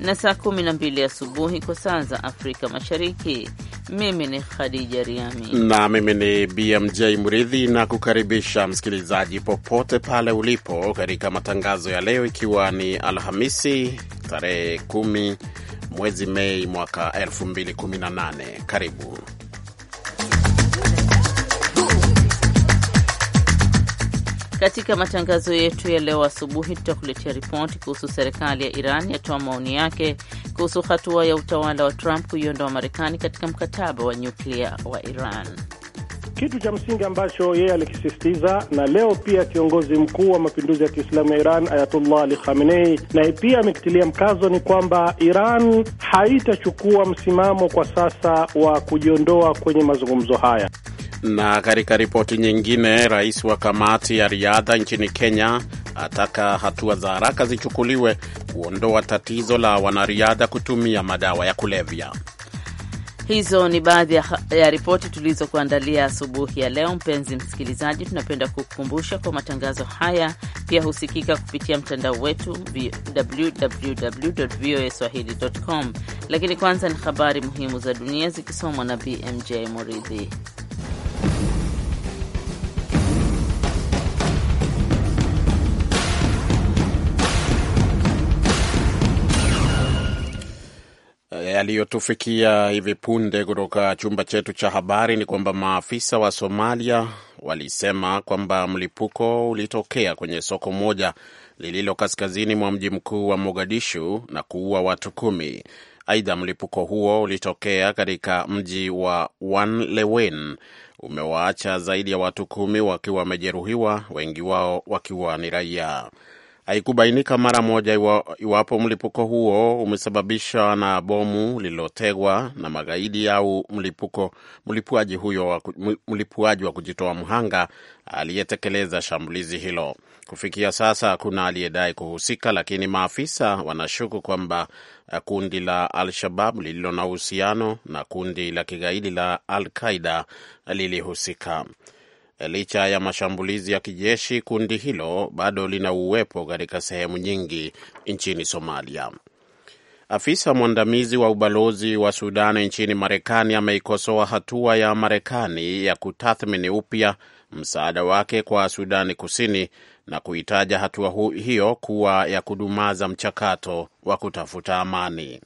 na saa mbili asubuhi kwa saa za Afrika Mashariki. Mimi ni Khadija Riami na mimi ni BMJ Mridhi, na kukaribisha msikilizaji popote pale ulipo katika matangazo ya leo, ikiwa ni Alhamisi tarehe kumi mwezi Mei mwaka 2018. Karibu Katika matangazo yetu ya leo asubuhi, tutakuletea ripoti kuhusu serikali ya Iran yatoa maoni yake kuhusu hatua ya utawala wa Trump kuiondoa Marekani katika mkataba wa nyuklia wa Iran. Kitu cha msingi ambacho yeye alikisisitiza na leo pia kiongozi mkuu wa mapinduzi ya Kiislamu ya Iran Ayatullah Ali Khamenei naye pia amekitilia mkazo ni kwamba Iran haitachukua msimamo kwa sasa wa kujiondoa kwenye mazungumzo haya. Na katika ripoti nyingine, rais wa kamati ya riadha nchini Kenya ataka hatua za haraka zichukuliwe kuondoa tatizo la wanariadha kutumia madawa ya kulevya. Hizo ni baadhi ya, ya ripoti tulizokuandalia asubuhi ya leo. Mpenzi msikilizaji, tunapenda kukukumbusha kwa matangazo haya pia husikika kupitia mtandao wetu www voa swahili com, lakini kwanza ni habari muhimu za dunia zikisomwa na BMJ Moridhi. Eh, yaliyotufikia hivi punde kutoka chumba chetu cha habari ni kwamba maafisa wa Somalia walisema kwamba mlipuko ulitokea kwenye soko moja lililo kaskazini mwa mji mkuu wa Mogadishu na kuua watu kumi. Aidha, mlipuko huo ulitokea katika mji wa Wanlewen umewaacha zaidi ya watu kumi wakiwa wamejeruhiwa, wengi wao wakiwa ni raia. Haikubainika mara moja iwa, iwapo mlipuko huo umesababishwa na bomu lililotegwa na magaidi au mlipuko mlipuaji huyo mlipuaji wa kujitoa mhanga aliyetekeleza shambulizi hilo. Kufikia sasa hakuna aliyedai kuhusika, lakini maafisa wanashuku kwamba kundi la Al-Shabab lililo na uhusiano na kundi la kigaidi la Al-Qaida lilihusika. Licha ya mashambulizi ya kijeshi, kundi hilo bado lina uwepo katika sehemu nyingi nchini Somalia. Afisa mwandamizi wa ubalozi wa sudan nchini Marekani ameikosoa hatua ya Marekani ya kutathmini upya msaada wake kwa Sudani Kusini na kuitaja hatua hiyo kuwa ya kudumaza mchakato wa kutafuta amani.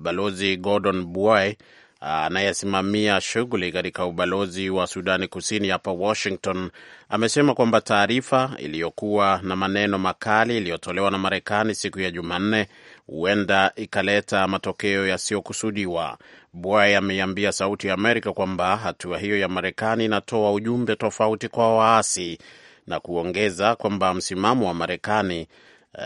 Balozi Gordon Bway anayesimamia shughuli katika ubalozi wa Sudani Kusini hapa Washington amesema kwamba taarifa iliyokuwa na maneno makali iliyotolewa na Marekani siku ya Jumanne huenda ikaleta matokeo yasiyokusudiwa. Bway ameiambia Sauti ya Amerika kwamba hatua hiyo ya Marekani inatoa ujumbe tofauti kwa waasi na kuongeza kwamba msimamo wa Marekani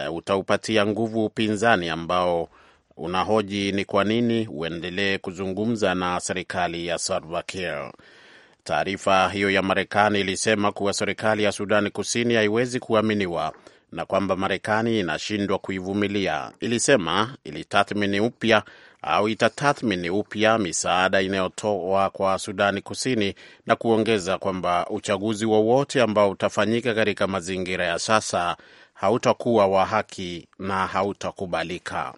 uh, utaupatia nguvu upinzani ambao unahoji ni kwa nini uendelee kuzungumza na serikali ya Salva Kiir. Taarifa hiyo ya Marekani ilisema kuwa serikali ya Sudani Kusini haiwezi kuaminiwa na kwamba Marekani inashindwa kuivumilia. Ilisema ilitathmini upya au itatathmini upya misaada inayotoa kwa Sudani Kusini na kuongeza kwamba uchaguzi wowote ambao utafanyika katika mazingira ya sasa hautakuwa wa haki na hautakubalika.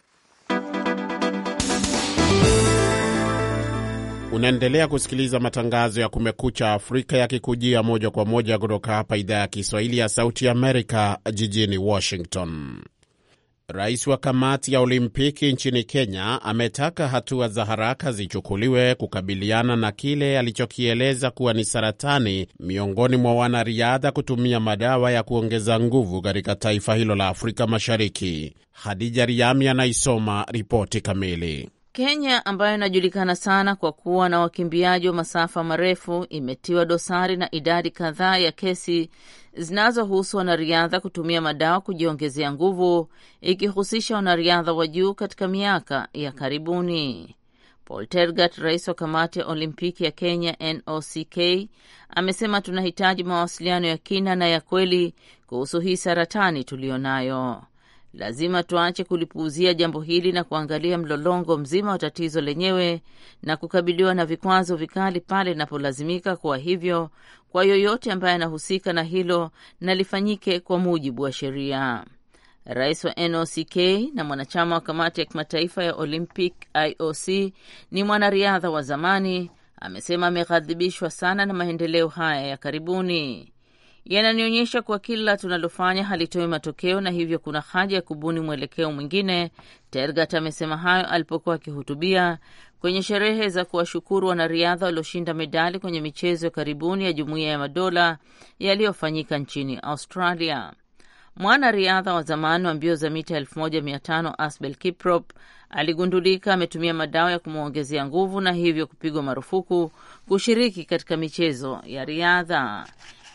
Unaendelea kusikiliza matangazo ya Kumekucha Afrika yakikujia moja kwa moja kutoka hapa idhaa ya Kiswahili ya Sauti Amerika, jijini Washington. Rais wa kamati ya Olimpiki nchini Kenya ametaka hatua za haraka zichukuliwe kukabiliana na kile alichokieleza kuwa ni saratani miongoni mwa wanariadha kutumia madawa ya kuongeza nguvu katika taifa hilo la Afrika Mashariki. Hadija Riami anaisoma ripoti kamili. Kenya ambayo inajulikana sana kwa kuwa na wakimbiaji wa masafa marefu imetiwa dosari na idadi kadhaa ya kesi zinazohusu wanariadha kutumia madawa kujiongezea nguvu, ikihusisha wanariadha wa juu katika miaka ya karibuni. Paul Tergat, rais wa kamati ya Olimpiki ya Kenya NOCK, amesema tunahitaji mawasiliano ya kina na ya kweli kuhusu hii saratani tuliyonayo. Lazima tuache kulipuuzia jambo hili na kuangalia mlolongo mzima wa tatizo lenyewe na kukabiliwa na vikwazo vikali pale linapolazimika kuwa hivyo kwa yoyote ambaye anahusika na hilo, na lifanyike kwa mujibu wa sheria. Rais wa NOCK na mwanachama wa kamati ya kimataifa ya Olympic IOC ni mwanariadha wa zamani, amesema ameghadhibishwa sana na maendeleo haya ya karibuni yananionyesha kuwa kila tunalofanya halitoi matokeo na hivyo kuna haja ya kubuni mwelekeo mwingine. Tergat amesema hayo alipokuwa akihutubia kwenye sherehe za kuwashukuru wanariadha walioshinda medali kwenye michezo ya karibuni ya Jumuiya ya Madola yaliyofanyika nchini Australia. Mwanariadha wa zamani wa mbio za mita 1500 Asbel Kiprop aligundulika ametumia madawa ya kumwongezea nguvu na hivyo kupigwa marufuku kushiriki katika michezo ya riadha.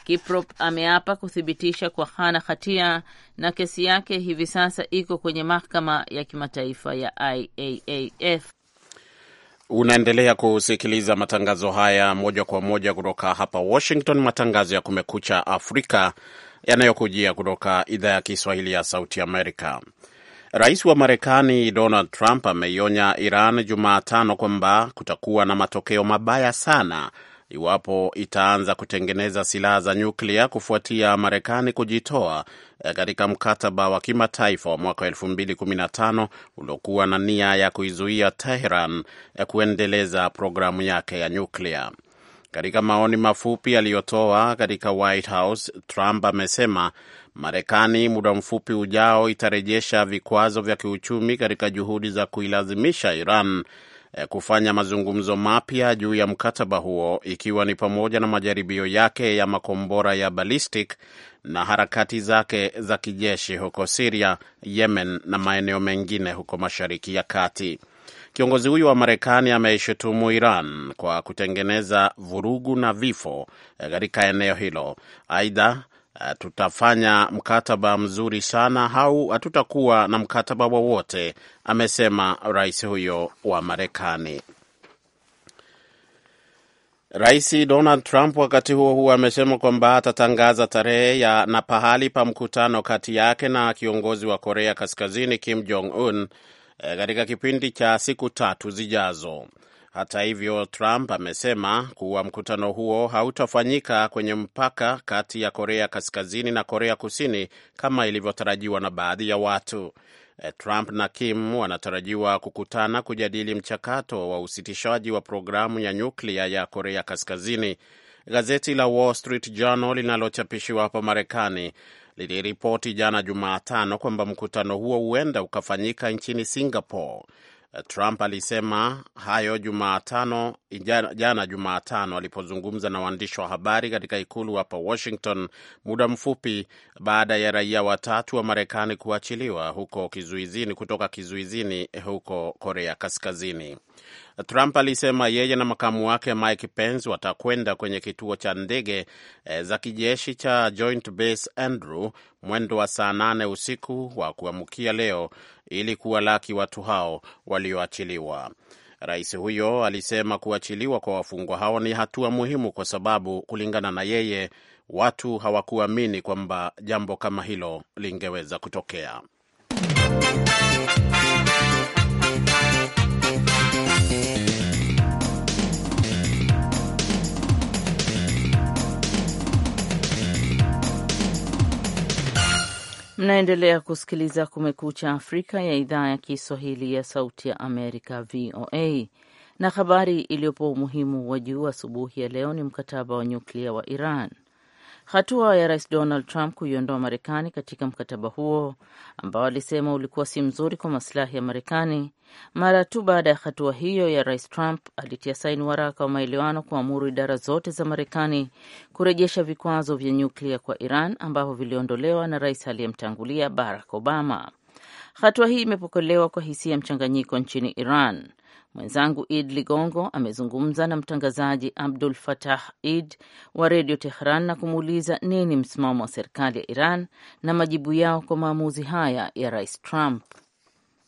Kiprop ameapa kuthibitisha kwa hana hatia na kesi yake hivi sasa iko kwenye mahakama ya kimataifa ya IAAF. Unaendelea kusikiliza matangazo haya moja kwa moja kutoka hapa Washington, matangazo ya Kumekucha Afrika yanayokujia kutoka idhaa ya Kiswahili ya Sauti Amerika. Rais wa Marekani Donald Trump ameionya Iran Jumatano kwamba kutakuwa na matokeo mabaya sana iwapo itaanza kutengeneza silaha za nyuklia kufuatia Marekani kujitoa eh, katika mkataba wa kimataifa wa mwaka 2015 uliokuwa na nia ya kuizuia Teheran eh, kuendeleza programu yake ya nyuklia. Katika maoni mafupi aliyotoa katika White House, Trump amesema Marekani muda mfupi ujao itarejesha vikwazo vya kiuchumi katika juhudi za kuilazimisha Iran Eh, kufanya mazungumzo mapya juu ya mkataba huo ikiwa ni pamoja na majaribio yake ya makombora ya ballistic na harakati zake za kijeshi huko Siria, Yemen na maeneo mengine huko Mashariki ya Kati. Kiongozi huyo wa Marekani ameishutumu Iran kwa kutengeneza vurugu na vifo eh, katika eneo hilo. Aidha, Eh, tutafanya mkataba mzuri sana au hatutakuwa na mkataba wowote, amesema rais huyo wa Marekani. Rais Donald Trump wakati huo huo amesema kwamba atatangaza tarehe ya na pahali pa mkutano kati yake na kiongozi wa Korea Kaskazini Kim Jong Un eh, katika kipindi cha siku tatu zijazo. Hata hivyo, Trump amesema kuwa mkutano huo hautafanyika kwenye mpaka kati ya Korea Kaskazini na Korea Kusini kama ilivyotarajiwa na baadhi ya watu. Eh, Trump na Kim wanatarajiwa kukutana kujadili mchakato wa usitishaji wa programu ya nyuklia ya Korea Kaskazini. Gazeti la Wall Street Journal linalochapishwa hapa Marekani liliripoti jana Jumatano kwamba mkutano huo huenda ukafanyika nchini Singapore. Eh, Trump alisema hayo Jumatano, jana Jumatano, alipozungumza na waandishi wa habari katika ikulu hapa Washington, muda mfupi baada ya raia watatu wa Marekani kuachiliwa huko kizuizini kutoka kizuizini huko Korea Kaskazini. Trump alisema yeye na makamu wake Mike Pence watakwenda kwenye kituo cha ndege eh, za kijeshi cha Joint Base Andrew mwendo wa saa nane usiku wa kuamkia leo ili kuwalaki watu hao walioachiliwa. Rais huyo alisema kuachiliwa kwa wafungwa hao ni hatua muhimu, kwa sababu kulingana na yeye, watu hawakuamini kwamba jambo kama hilo lingeweza kutokea. Mnaendelea kusikiliza Kumekucha Afrika ya idhaa ya Kiswahili ya Sauti ya Amerika, VOA. Na habari iliyopo umuhimu wa juu asubuhi ya leo ni mkataba wa nyuklia wa Iran. Hatua ya Rais Donald Trump kuiondoa Marekani katika mkataba huo ambao alisema ulikuwa si mzuri kwa masilahi ya Marekani. Mara tu baada ya hatua hiyo ya Rais Trump, alitia saini waraka wa maelewano kuamuru idara zote za Marekani kurejesha vikwazo vya nyuklia kwa Iran ambavyo viliondolewa na rais aliyemtangulia Barack Obama. Hatua hii imepokelewa kwa hisia mchanganyiko nchini Iran. Mwenzangu Id Ligongo amezungumza na mtangazaji Abdul Fatah Id wa redio Tehran na kumuuliza nini msimamo wa serikali ya Iran na majibu yao kwa maamuzi haya ya Rais Trump.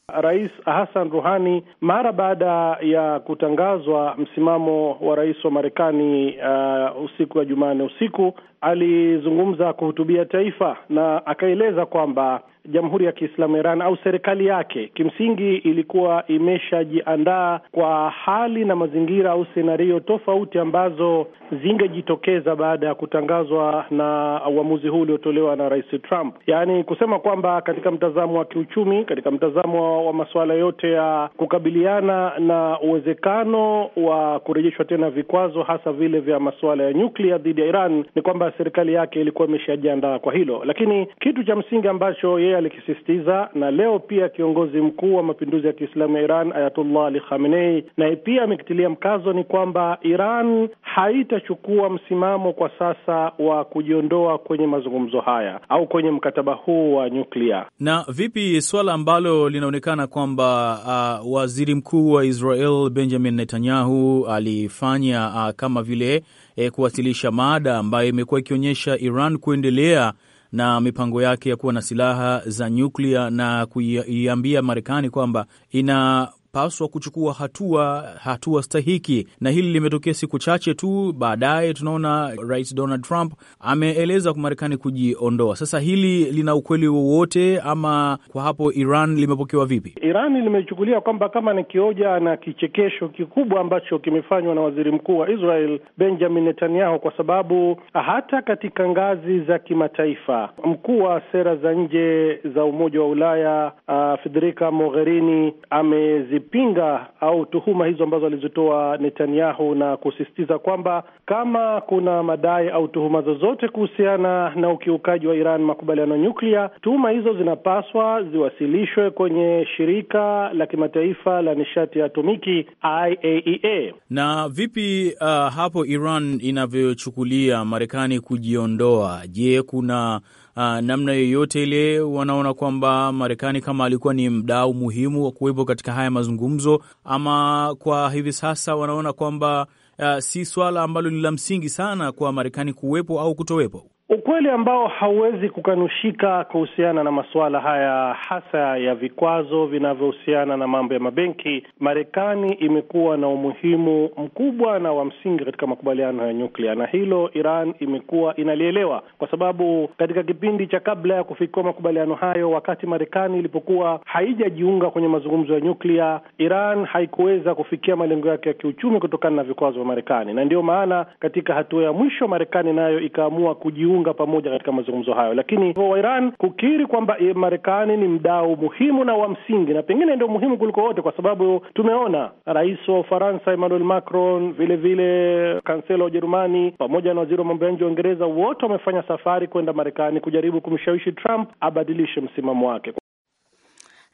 Rais Hassan Ruhani mara baada ya kutangazwa msimamo wa rais wa Marekani uh, usiku wa Jumanne usiku alizungumza kuhutubia taifa na akaeleza kwamba Jamhuri ya Kiislamu Iran au serikali yake kimsingi ilikuwa imeshajiandaa kwa hali na mazingira au senario tofauti ambazo zingejitokeza baada ya kutangazwa na uamuzi huu uliotolewa na Rais Trump, yaani kusema kwamba katika mtazamo wa kiuchumi, katika mtazamo wa masuala yote ya kukabiliana na uwezekano wa kurejeshwa tena vikwazo, hasa vile vya masuala ya nyuklia dhidi ya Iran, ni kwamba serikali yake ilikuwa imeshajiandaa kwa hilo, lakini kitu cha msingi ambacho yeye alikisisitiza, na leo pia kiongozi mkuu wa mapinduzi ya Kiislamu ya Iran Ayatullah Ali Khamenei naye pia amekitilia mkazo ni kwamba Iran haitachukua msimamo kwa sasa wa kujiondoa kwenye mazungumzo haya au kwenye mkataba huu wa nyuklia. Na vipi swala ambalo linaonekana kwamba uh, waziri mkuu wa Israel Benjamin Netanyahu alifanya uh, kama vile eh, kuwasilisha mada ambayo imekuwa ikionyesha Iran kuendelea na mipango yake ya kuwa na silaha za nyuklia na kuiambia Marekani kwamba ina wanapaswa kuchukua hatua hatua stahiki, na hili limetokea siku chache tu baadaye. Tunaona Rais Donald Trump ameeleza Marekani kujiondoa. Sasa hili lina ukweli wowote ama kwa hapo Iran limepokewa vipi? Iran limechukulia kwamba kama ni kioja na kichekesho kikubwa ambacho kimefanywa na waziri mkuu wa Israel Benjamin Netanyahu, kwa sababu hata katika ngazi za kimataifa mkuu wa sera za nje za Umoja wa Ulaya uh, Federica Mogherini amezi kulipinga au tuhuma hizo ambazo alizitoa Netanyahu na kusisitiza kwamba kama kuna madai au tuhuma zozote kuhusiana na ukiukaji wa Iran makubaliano nyuklia, tuhuma hizo zinapaswa ziwasilishwe kwenye shirika la kimataifa la nishati ya atomiki IAEA. E na vipi uh, hapo Iran inavyochukulia Marekani kujiondoa? Je, kuna uh, namna yoyote ile, wanaona kwamba Marekani kama alikuwa ni mdau muhimu wa kuwepo katika haya mazungumzo, ama kwa hivi sasa wanaona kwamba uh, si swala ambalo ni la msingi sana kwa Marekani kuwepo au kutowepo? Ukweli ambao hauwezi kukanushika kuhusiana na masuala haya hasa ya vikwazo vinavyohusiana na mambo ya mabenki, Marekani imekuwa na umuhimu mkubwa na wa msingi katika makubaliano ya nyuklia, na hilo Iran imekuwa inalielewa, kwa sababu katika kipindi cha kabla ya kufikiwa makubaliano hayo, wakati Marekani ilipokuwa haijajiunga kwenye mazungumzo ya nyuklia, Iran haikuweza kufikia malengo yake ya kiuchumi kutokana na vikwazo vya Marekani, na ndiyo maana katika hatua ya mwisho Marekani nayo ikaamua kujiunga kujiunga pamoja katika mazungumzo hayo, lakini wa Iran kukiri kwamba Marekani ni mdau muhimu na wa msingi, na pengine ndio muhimu kuliko wote, kwa sababu tumeona rais wa Ufaransa Emmanuel Macron, vile vile kansela wa Ujerumani pamoja na waziri wa mambo ya nje wa Uingereza, wote wamefanya safari kwenda Marekani kujaribu kumshawishi Trump abadilishe msimamo wake.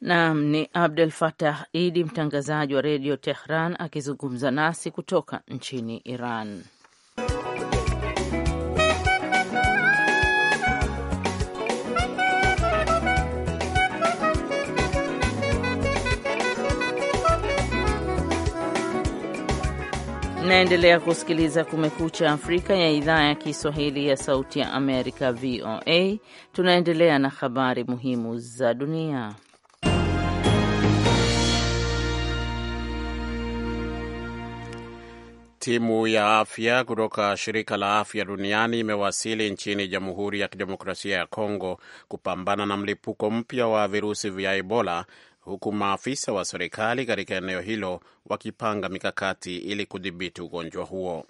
Naam, ni Abdel Fattah Idi, mtangazaji wa redio Tehran akizungumza nasi kutoka nchini Iran. naendelea kusikiliza Kumekucha Afrika ya idhaa ya Kiswahili ya Sauti ya Amerika, VOA. Tunaendelea na habari muhimu za dunia. Timu ya afya kutoka shirika la afya duniani imewasili nchini Jamhuri ya Kidemokrasia ya Kongo kupambana na mlipuko mpya wa virusi vya Ebola huku maafisa wa serikali katika eneo hilo wakipanga mikakati ili kudhibiti ugonjwa huo.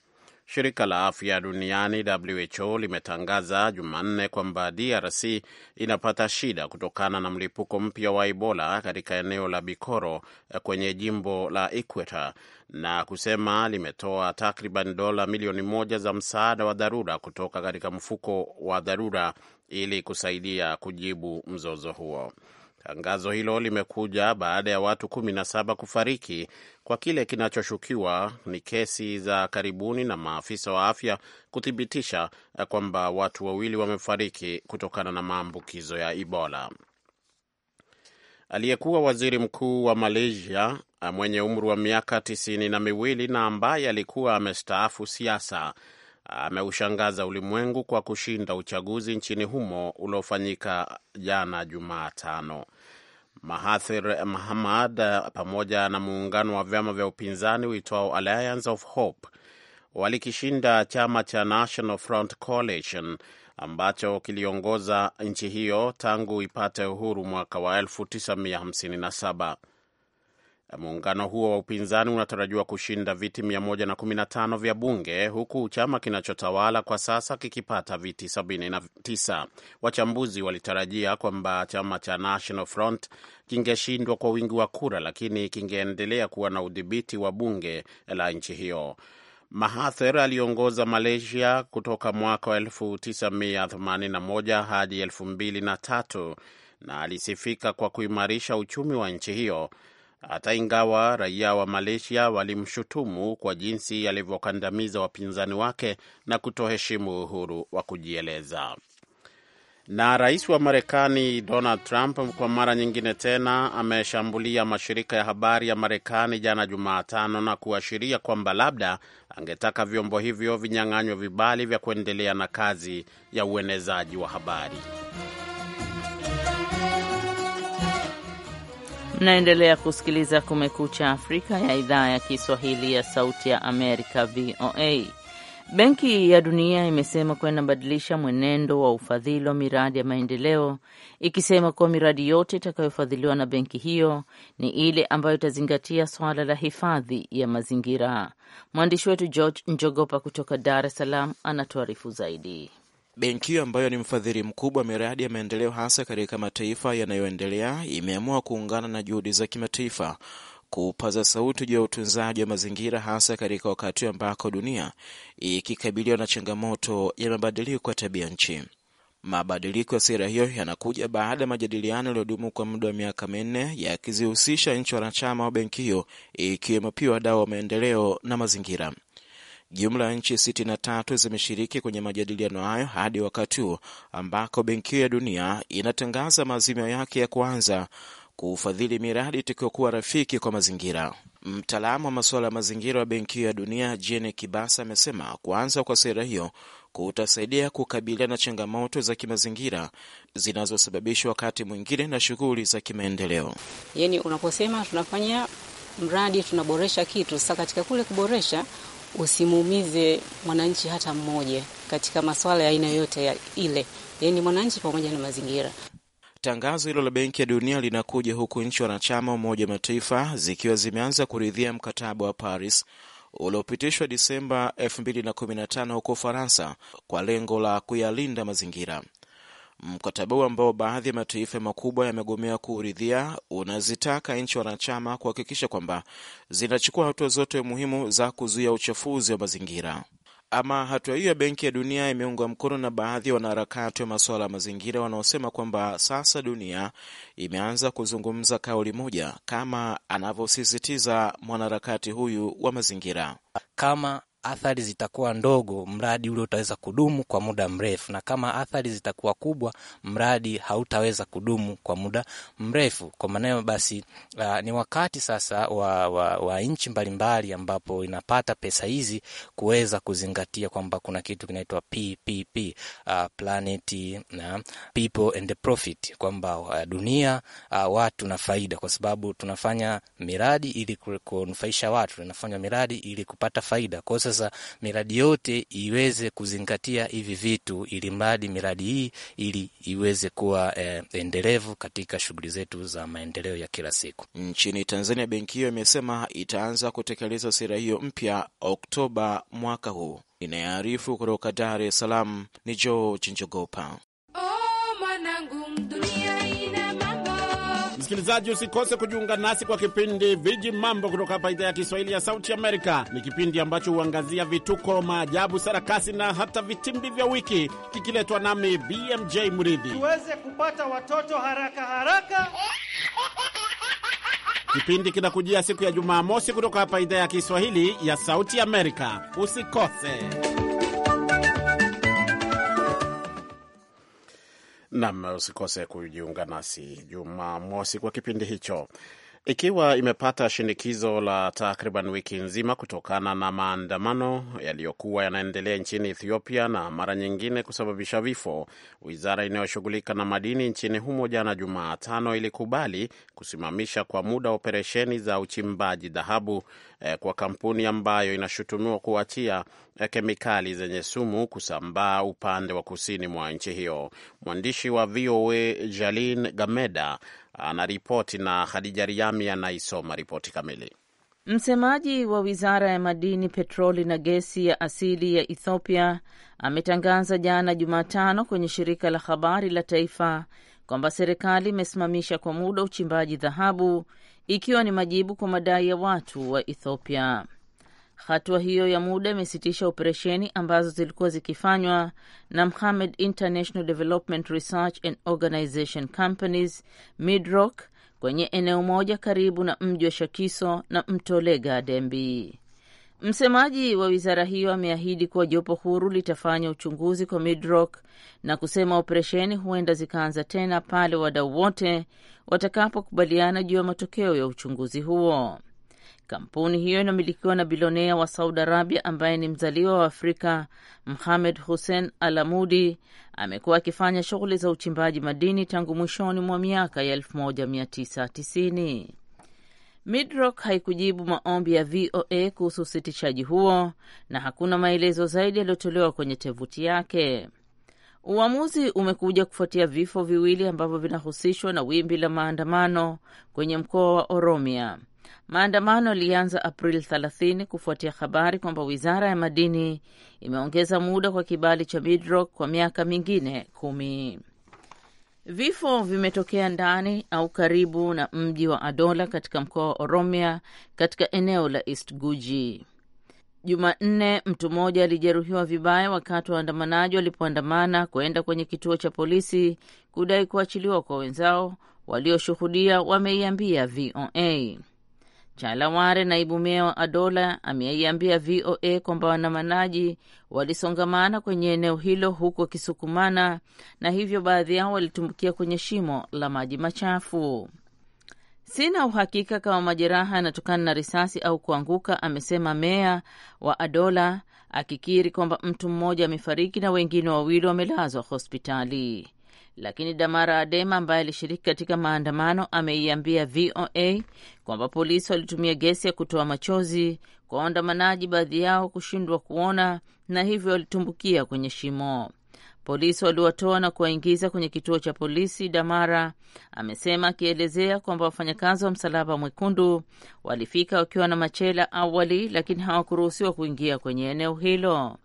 Shirika la afya duniani WHO limetangaza Jumanne kwamba DRC inapata shida kutokana na mlipuko mpya wa Ebola katika eneo la Bikoro eh, kwenye jimbo la Equator na kusema limetoa takriban dola milioni moja za msaada wa dharura kutoka katika mfuko wa dharura ili kusaidia kujibu mzozo huo. Tangazo hilo limekuja baada ya watu 17 kufariki kwa kile kinachoshukiwa ni kesi za karibuni na maafisa wa afya kuthibitisha kwamba watu wawili wamefariki kutokana na maambukizo ya Ebola. Aliyekuwa waziri mkuu wa Malaysia mwenye umri wa miaka tisini na miwili na ambaye alikuwa amestaafu siasa ameushangaza ulimwengu kwa kushinda uchaguzi nchini humo uliofanyika jana Jumatano. Mahathir Mahamad eh, pamoja na muungano wa vyama vya upinzani uitwao Alliance of Hope walikishinda chama cha National Front Coalition ambacho kiliongoza nchi hiyo tangu ipate uhuru mwaka wa 1957. Muungano huo wa upinzani unatarajiwa kushinda viti 115 vya bunge huku chama kinachotawala kwa sasa kikipata viti 79. Wachambuzi walitarajia kwamba chama cha National Front kingeshindwa kwa wingi wa kura, lakini kingeendelea kuwa na udhibiti wa bunge la nchi hiyo. Mahathir aliongoza Malaysia kutoka mwaka wa 1981 hadi 2003 na alisifika kwa kuimarisha uchumi wa nchi hiyo hata ingawa raia wa Malaysia walimshutumu kwa jinsi alivyokandamiza wapinzani wake na kutoheshimu uhuru wa kujieleza. Na rais wa Marekani Donald Trump kwa mara nyingine tena ameshambulia mashirika ya habari ya Marekani jana Jumatano na kuashiria kwamba labda angetaka vyombo hivyo vinyang'anywe vibali vya kuendelea na kazi ya uenezaji wa habari. Mnaendelea kusikiliza Kumekucha Afrika ya idhaa ya Kiswahili ya Sauti ya Amerika, VOA. Benki ya Dunia imesema kuwa inabadilisha mwenendo wa ufadhili wa miradi ya maendeleo, ikisema kuwa miradi yote itakayofadhiliwa na benki hiyo ni ile ambayo itazingatia swala la hifadhi ya mazingira. Mwandishi wetu George Njogopa kutoka Dar es Salaam anatuarifu zaidi. Benki hiyo ambayo ni mfadhili mkubwa wa miradi ya maendeleo hasa katika mataifa yanayoendelea imeamua kuungana na juhudi za kimataifa kupaza sauti juu ya utunzaji wa mazingira hasa katika wakati ambako dunia ikikabiliwa na changamoto ya mabadiliko ya tabia nchi. Mabadiliko ya sera hiyo yanakuja baada ya majadiliano yaliyodumu kwa muda wa miaka minne yakizihusisha nchi wanachama wa benki hiyo ikiwemo pia wadau wa maendeleo na mazingira. Jumla ya nchi tatu zimeshiriki kwenye majadiliano hayo hadi wakati huu ambako Benki ya Dunia inatangaza maazimio yake ya kuanza kufadhili miradi tukiyokuwa rafiki kwa mazingira. Mtaalamu wa masuala ya mazingira wa Benki ya Dunia Jene Kibasa amesema kuanza kwa sera hiyo kutasaidia kukabiliana na changamoto za kimazingira zinazosababishwa wakati mwingine na shughuli za kimaendeleo. Yani unaposema tunafanya mradi tunaboresha kitu, sasa katika kule kuboresha usimuumize mwananchi hata mmoja katika masuala ya aina yoyote ya ile, yaani mwananchi pamoja na mazingira. Tangazo hilo la Benki ya Dunia linakuja huku nchi wanachama Umoja wa Mataifa zikiwa zimeanza kuridhia mkataba wa Paris uliopitishwa Disemba 2015 huko Ufaransa kwa lengo la kuyalinda mazingira. Mkataba huu ambao baadhi ya mataifa makubwa yamegomea kuuridhia unazitaka nchi wanachama kuhakikisha kwamba zinachukua hatua zote muhimu za kuzuia uchafuzi wa mazingira. Ama hatua hiyo ya Benki ya Dunia imeungwa mkono na baadhi ya wanaharakati wa masuala ya mazingira wanaosema kwamba sasa dunia imeanza kuzungumza kauli moja, kama anavyosisitiza mwanaharakati huyu wa mazingira. Kama athari zitakuwa ndogo, mradi ule utaweza kudumu kwa muda mrefu, na kama athari zitakuwa kubwa, mradi hautaweza kudumu kwa muda mrefu. Kwa maana basi, uh, ni wakati sasa wa, wa, wa nchi mbalimbali ambapo inapata pesa hizi kuweza kuzingatia kwamba kuna kitu kinaitwa PPP, uh, ah, planet na people and profit, kwamba uh, dunia uh, watu na faida, kwa sababu tunafanya miradi ili kunufaisha watu, tunafanya miradi ili kupata faida. Kwa hiyo sasa miradi yote iweze kuzingatia hivi vitu, ili mradi miradi hii ili iweze kuwa eh, endelevu katika shughuli zetu za maendeleo ya kila siku nchini Tanzania. Benki hiyo imesema itaanza kutekeleza sera hiyo mpya Oktoba mwaka huu. Inayoarifu kutoka Dar es Salaam ni George Njogopa. msikilizaji, usikose kujiunga nasi kwa kipindi Viji Mambo kutoka hapa idhaa ya Kiswahili ya Sauti Amerika. Ni kipindi ambacho huangazia vituko, maajabu, sarakasi na hata vitimbi vya wiki, kikiletwa nami BMJ Mridhi tuweze kupata watoto haraka haraka. Kipindi kinakujia siku ya Jumamosi kutoka hapa idhaa ya Kiswahili ya Sauti Amerika. Usikose. Nam, usikose kujiunga nasi Jumamosi kwa kipindi hicho ikiwa imepata shinikizo la takriban wiki nzima kutokana na maandamano yaliyokuwa yanaendelea nchini Ethiopia na mara nyingine kusababisha vifo. Wizara inayoshughulika na madini nchini humo jana Jumatano ilikubali kusimamisha kwa muda operesheni za uchimbaji dhahabu eh, kwa kampuni ambayo inashutumiwa kuachia eh, kemikali zenye sumu kusambaa upande wa kusini mwa nchi hiyo. Mwandishi wa VOA Jalin Gameda anaripoti na Khadija Riami anaisoma ripoti kamili. Msemaji wa wizara ya madini, petroli na gesi ya asili ya Ethiopia ametangaza jana Jumatano kwenye shirika la habari la taifa kwamba serikali imesimamisha kwa muda uchimbaji dhahabu ikiwa ni majibu kwa madai ya watu wa Ethiopia. Hatua hiyo ya muda imesitisha operesheni ambazo zilikuwa zikifanywa na Mohammed International Development Research and Organization Companies Midrock kwenye eneo moja karibu na mji wa Shakiso na mto Lega Dembi. Msemaji wa wizara hiyo ameahidi kuwa jopo huru litafanya uchunguzi kwa Midrock na kusema operesheni huenda zikaanza tena pale wadau wote watakapokubaliana juu ya matokeo ya uchunguzi huo. Kampuni hiyo inamilikiwa na bilionea wa Saudi Arabia ambaye ni mzaliwa wa Afrika. Mohamed Hussein Alamudi amekuwa akifanya shughuli za uchimbaji madini tangu mwishoni mwa miaka ya 1990. Midrock haikujibu maombi ya VOA kuhusu usitishaji huo na hakuna maelezo zaidi yaliyotolewa kwenye tovuti yake. Uamuzi umekuja kufuatia vifo viwili ambavyo vinahusishwa na wimbi la maandamano kwenye mkoa wa Oromia. Maandamano yalianza Aprili 30 kufuatia habari kwamba wizara ya madini imeongeza muda kwa kibali cha Midrock kwa miaka mingine kumi. Vifo vimetokea ndani au karibu na mji wa Adola katika mkoa wa Oromia katika eneo la East Guji. Jumanne, mtu mmoja alijeruhiwa vibaya wakati waandamanaji walipoandamana kwenda kwenye kituo cha polisi kudai kuachiliwa kwa wenzao. Walioshuhudia wameiambia VOA Chalaware, naibu meya wa Adola, ameiambia VOA kwamba waandamanaji walisongamana kwenye eneo hilo huku wakisukumana na hivyo baadhi yao walitumbukia kwenye shimo la maji machafu. Sina uhakika kama majeraha yanatokana na risasi au kuanguka, amesema meya wa Adola, akikiri kwamba mtu mmoja amefariki na wengine wawili wamelazwa hospitali. Lakini Damara Adema ambaye alishiriki katika maandamano ameiambia VOA kwamba polisi walitumia gesi ya kutoa machozi kwa waandamanaji, baadhi yao kushindwa kuona na hivyo walitumbukia kwenye shimo. Polisi waliwatoa na kuwaingiza kwenye kituo cha polisi, Damara amesema, akielezea kwamba wafanyakazi wa Msalaba Mwekundu walifika wakiwa na machela awali, lakini hawakuruhusiwa kuingia kwenye eneo hilo.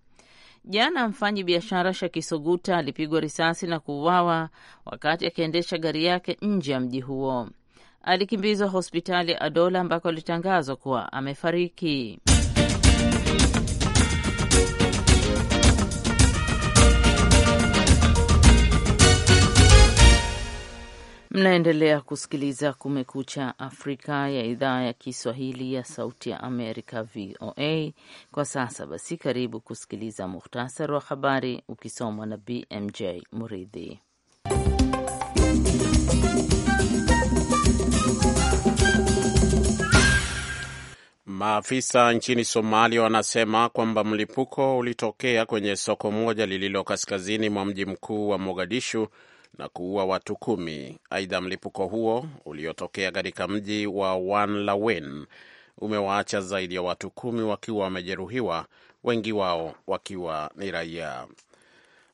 Jana mfanyi biashara shakisoguta alipigwa risasi na kuuawa wakati akiendesha gari yake nje ya mji huo. Alikimbizwa hospitali ya Adola ambako alitangazwa kuwa amefariki. Mnaendelea kusikiliza Kumekucha Afrika ya idhaa ya Kiswahili ya Sauti ya Amerika, VOA. Kwa sasa basi, karibu kusikiliza muhtasari wa habari ukisomwa na BMJ Muridhi. Maafisa nchini Somalia wanasema kwamba mlipuko ulitokea kwenye soko moja lililo kaskazini mwa mji mkuu wa Mogadishu na kuua watu kumi. Aidha, mlipuko huo uliotokea katika mji wa Wanlawin umewaacha zaidi ya watu kumi wakiwa wamejeruhiwa, wengi wao wakiwa ni raia.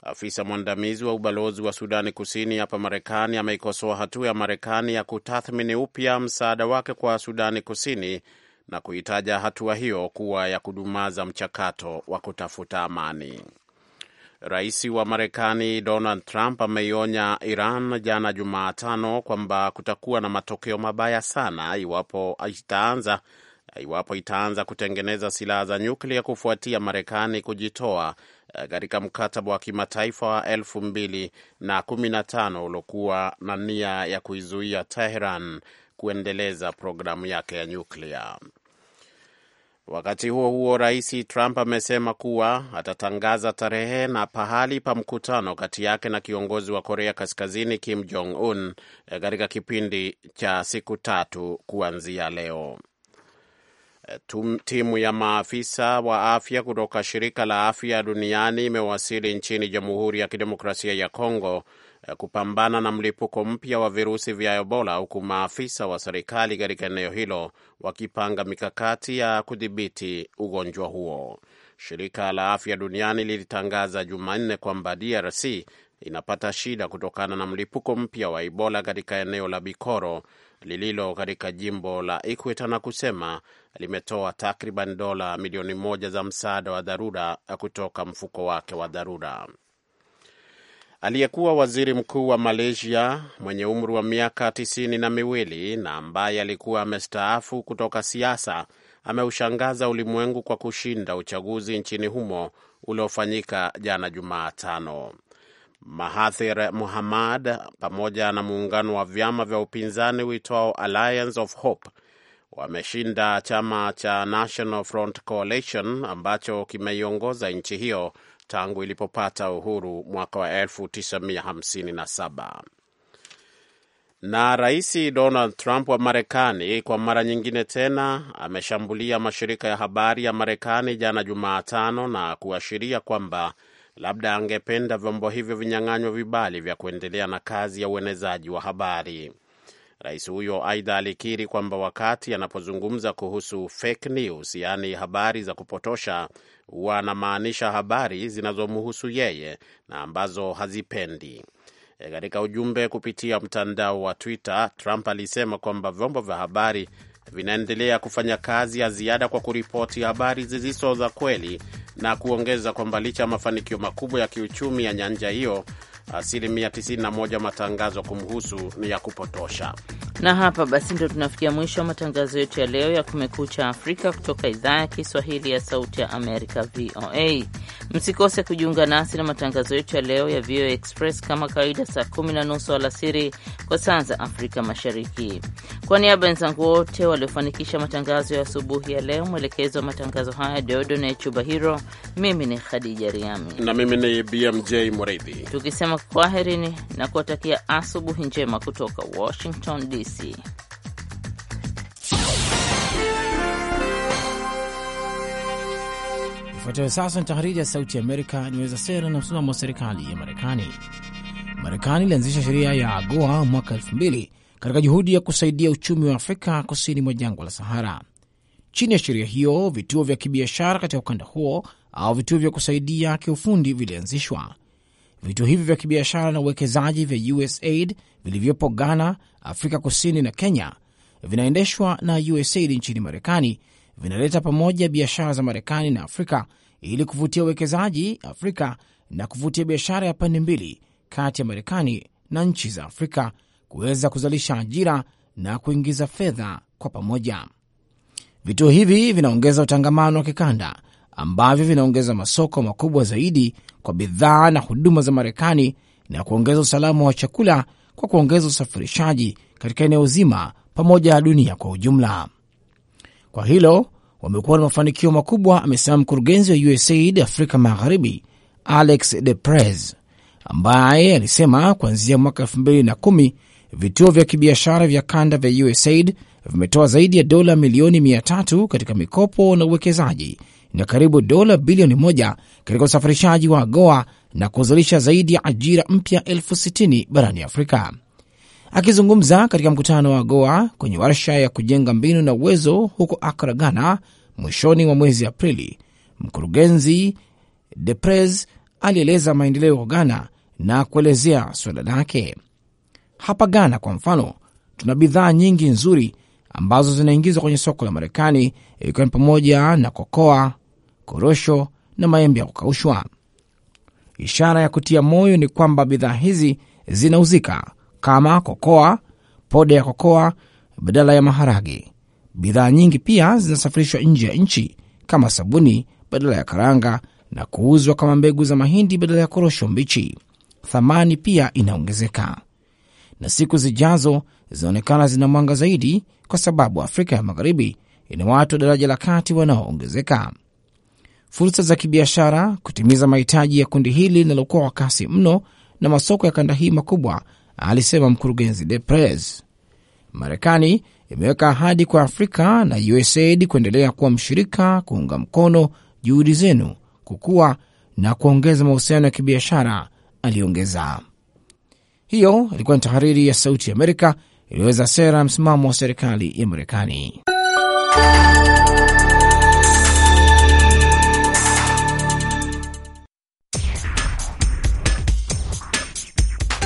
Afisa mwandamizi wa ubalozi wa Sudani Kusini hapa Marekani ameikosoa hatua ya Marekani ya kutathmini upya msaada wake kwa Sudani Kusini na kuitaja hatua hiyo kuwa ya kudumaza mchakato wa kutafuta amani. Rais wa Marekani Donald Trump ameionya Iran jana Jumatano kwamba kutakuwa na matokeo mabaya sana iwapo itaanza iwapo itaanza kutengeneza silaha za nyuklia kufuatia Marekani kujitoa eh, katika mkataba wa kimataifa wa elfu mbili na kumi na tano uliokuwa na nia ya kuizuia Teheran kuendeleza programu yake ya nyuklia. Wakati huo huo, rais Trump amesema kuwa atatangaza tarehe na pahali pa mkutano kati yake na kiongozi wa Korea Kaskazini Kim Jong Un eh, katika kipindi cha siku tatu kuanzia leo. Eh, tum, timu ya maafisa wa afya kutoka shirika la afya duniani imewasili nchini Jamhuri ya Kidemokrasia ya Kongo kupambana na mlipuko mpya wa virusi vya Ebola, huku maafisa wa serikali katika eneo hilo wakipanga mikakati ya kudhibiti ugonjwa huo. Shirika la Afya Duniani lilitangaza Jumanne kwamba DRC inapata shida kutokana na mlipuko mpya wa Ebola katika eneo la Bikoro lililo katika jimbo la Ikweta na kusema limetoa takriban dola milioni moja za msaada wa dharura kutoka mfuko wake wa dharura. Aliyekuwa waziri mkuu wa Malaysia mwenye umri wa miaka tisini na miwili na ambaye alikuwa amestaafu kutoka siasa ameushangaza ulimwengu kwa kushinda uchaguzi nchini humo uliofanyika jana Jumatano. Mahathir Muhammad pamoja na muungano wa vyama vya upinzani uitwao Alliance of Hope wameshinda chama cha National Front Coalition ambacho kimeiongoza nchi hiyo tangu ilipopata uhuru mwaka wa 1957 na Rais Donald Trump wa Marekani kwa mara nyingine tena ameshambulia mashirika ya habari ya Marekani jana Jumatano na kuashiria kwamba labda angependa vyombo hivyo vinyang'anywa vibali vya kuendelea na kazi ya uenezaji wa habari. Rais huyo aidha alikiri kwamba wakati anapozungumza kuhusu fake news, yaani habari za kupotosha, huwa anamaanisha habari zinazomhusu yeye na ambazo hazipendi. E, katika ujumbe kupitia mtandao wa Twitter, Trump alisema kwamba vyombo vya habari vinaendelea kufanya kazi ya ziada kwa kuripoti habari zisizo za kweli na kuongeza kwamba licha ya mafanikio makubwa ya kiuchumi ya nyanja hiyo asilimia 91 matangazo kumhusu ni ya kupotosha. Na hapa basi ndio tunafikia mwisho wa matangazo yetu ya leo ya Kumekucha Afrika kutoka idhaa ya Kiswahili ya Sauti ya Amerika, VOA. Msikose kujiunga nasi na matangazo yetu ya leo ya VOA Express kama kawaida, saa kumi na nusu alasiri kwa saa za Afrika Mashariki. Kwa niaba ya wenzangu wote waliofanikisha matangazo ya asubuhi ya leo, mwelekezo wa matangazo haya Deodo na Chuba Hiro, mimi ni Khadija Riami na mimi ni BMJ Mridhi, tukisema kwaherini na kuwatakia asubuhi njema kutoka Washington DC. Ifuatayo sasa ni tahariri ya Sauti ya Amerika inaweza sera na msimamo wa serikali ya Marekani. Marekani ilianzisha sheria ya AGOA mwaka elfu mbili katika juhudi ya kusaidia uchumi wa Afrika kusini mwa jangwa la Sahara. Chini ya sheria hiyo, vituo vya kibiashara katika ukanda huo au vituo vya kusaidia kiufundi vilianzishwa. Vituo hivyo vya kibiashara na uwekezaji vya USAID vilivyopo Ghana, Afrika Kusini na Kenya vinaendeshwa na USAID nchini Marekani vinaleta pamoja biashara za Marekani na Afrika ili kuvutia uwekezaji Afrika na kuvutia biashara ya pande mbili kati ya Marekani na nchi za Afrika kuweza kuzalisha ajira na kuingiza fedha kwa pamoja. Vituo hivi vinaongeza utangamano wa kikanda ambavyo vinaongeza masoko makubwa zaidi kwa bidhaa na huduma za Marekani na kuongeza usalama wa chakula kwa kuongeza usafirishaji katika eneo zima pamoja na dunia kwa ujumla. Kwa hilo wamekuwa na mafanikio makubwa, amesema mkurugenzi wa USAID Afrika Magharibi Alex De Prez, ambaye alisema kuanzia mwaka 2010 vituo vya kibiashara vya kanda vya USAID vimetoa zaidi ya dola milioni 300 katika mikopo na uwekezaji na karibu dola bilioni moja katika usafirishaji wa AGOA na kuzalisha zaidi ya ajira mpya elfu sitini barani Afrika. Akizungumza katika mkutano wa Goa kwenye warsha ya kujenga mbinu na uwezo huko Akra, Ghana, mwishoni mwa mwezi Aprili, mkurugenzi Deprez alieleza maendeleo kwa Ghana na kuelezea suala lake. Hapa Ghana kwa mfano, tuna bidhaa nyingi nzuri ambazo zinaingizwa kwenye soko la Marekani, ikiwa ni pamoja na kokoa, korosho na maembe ya kukaushwa. Ishara ya kutia moyo ni kwamba bidhaa hizi zinauzika kama kokoa, poda ya kokoa badala ya maharage. Bidhaa nyingi pia zinasafirishwa nje ya nchi kama sabuni badala ya karanga na kuuzwa kama mbegu za mahindi badala ya korosho mbichi. Thamani pia inaongezeka, na siku zijazo zinaonekana zina mwanga zaidi, kwa sababu Afrika ya Magharibi ina watu wa daraja la kati wanaoongezeka. Fursa za kibiashara kutimiza mahitaji ya kundi hili linalokuwa kwa kasi mno na masoko ya kanda hii makubwa alisema mkurugenzi De Prez. Marekani imeweka ahadi kwa Afrika na USAID kuendelea kuwa mshirika, kuunga mkono juhudi zenu kukua na kuongeza mahusiano ya kibiashara, aliongeza. Hiyo ilikuwa ni tahariri ya Sauti ya Amerika iliyoweza sera msimamo wa serikali ya Marekani.